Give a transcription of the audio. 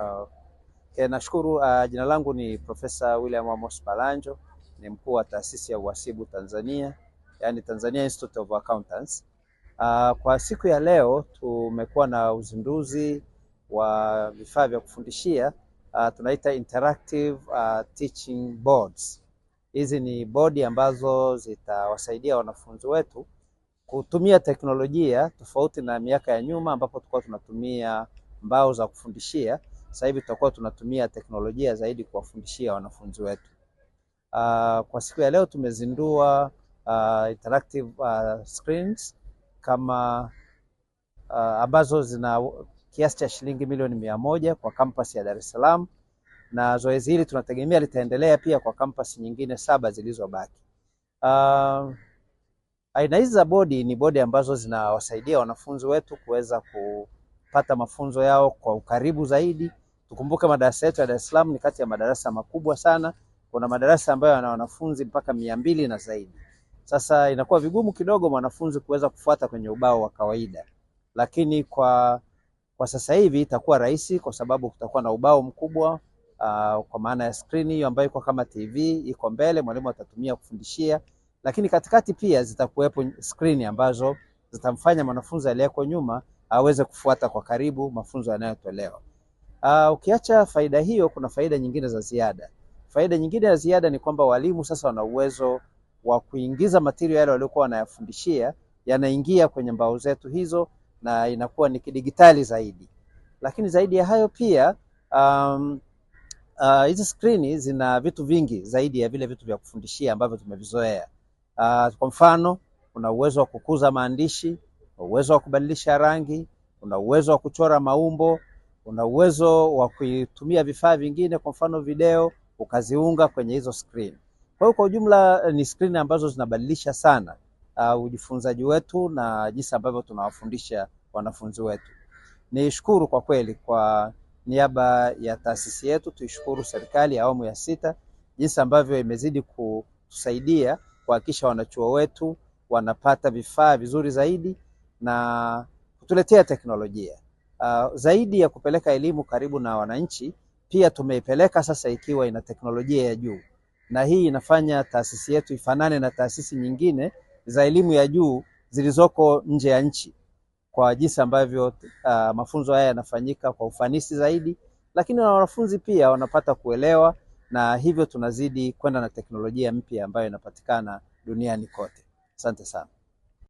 Uh, okay, eh, nashukuru. Uh, jina langu ni Profesa William Amos Balanjo, ni mkuu wa taasisi ya uhasibu Tanzania, yani Tanzania Institute of Accountants. Uh, kwa siku ya leo tumekuwa na uzinduzi wa vifaa vya kufundishia uh, tunaita interactive uh, teaching boards. Hizi ni bodi ambazo zitawasaidia wanafunzi wetu kutumia teknolojia tofauti na miaka ya nyuma ambapo tulikuwa tunatumia mbao za kufundishia. Sasa hivi tutakuwa tunatumia teknolojia zaidi kuwafundishia wanafunzi wetu. Uh, kwa siku ya leo tumezindua uh, interactive uh, screens kama uh, ambazo zina kiasi cha shilingi milioni mia moja kwa kampasi ya Dar es Salaam, na zoezi hili tunategemea litaendelea pia kwa kampasi nyingine saba zilizobaki. Uh, aina hizi za bodi ni bodi ambazo zinawasaidia wanafunzi wetu kuweza ku kupata mafunzo yao kwa ukaribu zaidi. Tukumbuke madarasa yetu ya Dar es Salaam ni kati ya madarasa makubwa sana. Kuna madarasa ambayo yana wanafunzi mpaka mia mbili na zaidi. Sasa inakuwa vigumu kidogo mwanafunzi kuweza kufuata kwenye ubao wa kawaida, lakini kwa kwa sasa hivi itakuwa rahisi kwa sababu kutakuwa na ubao mkubwa uh, kwa maana ya skrini hiyo ambayo iko kama TV iko mbele, mwalimu atatumia kufundishia, lakini katikati pia zitakuwepo skrini ambazo zitamfanya mwanafunzi aliyeko nyuma aweze kufuata kwa karibu mafunzo yanayotolewa. Uh, ukiacha faida hiyo, kuna faida nyingine za ziada. Faida nyingine ya ziada ni kwamba walimu sasa wana uwezo wa kuingiza material yale waliokuwa wanayafundishia, yanaingia kwenye mbao zetu hizo na inakuwa ni kidigitali zaidi. Lakini zaidi ya hayo pia um, uh, hizi skrini zina vitu vingi zaidi ya vile vitu vya kufundishia ambavyo tumevizoea. Uh, kwa mfano kuna uwezo wa kukuza maandishi una uwezo wa kubadilisha rangi, una uwezo wa kuchora maumbo, una uwezo wa kuitumia vifaa vingine, kwa mfano video, ukaziunga kwenye hizo screen. Kwa hiyo kwa ujumla eh, ni screen ambazo zinabadilisha sana uh, ujifunzaji wetu na jinsi ambavyo tunawafundisha wanafunzi wetu. Nishukuru kwa kweli kwa niaba ya taasisi yetu, tuishukuru serikali ya awamu ya sita jinsi ambavyo imezidi kutusaidia kuhakikisha wanachuo wetu wanapata vifaa vizuri zaidi na kutuletea teknolojia uh, zaidi ya kupeleka elimu karibu na wananchi, pia tumeipeleka sasa ikiwa ina teknolojia ya juu, na hii inafanya taasisi yetu ifanane na taasisi nyingine za elimu ya juu zilizoko nje ya nchi kwa jinsi ambavyo uh, mafunzo haya yanafanyika kwa ufanisi zaidi, lakini na wanafunzi pia wanapata kuelewa, na hivyo tunazidi kwenda na teknolojia mpya ambayo inapatikana duniani kote. Asante sana.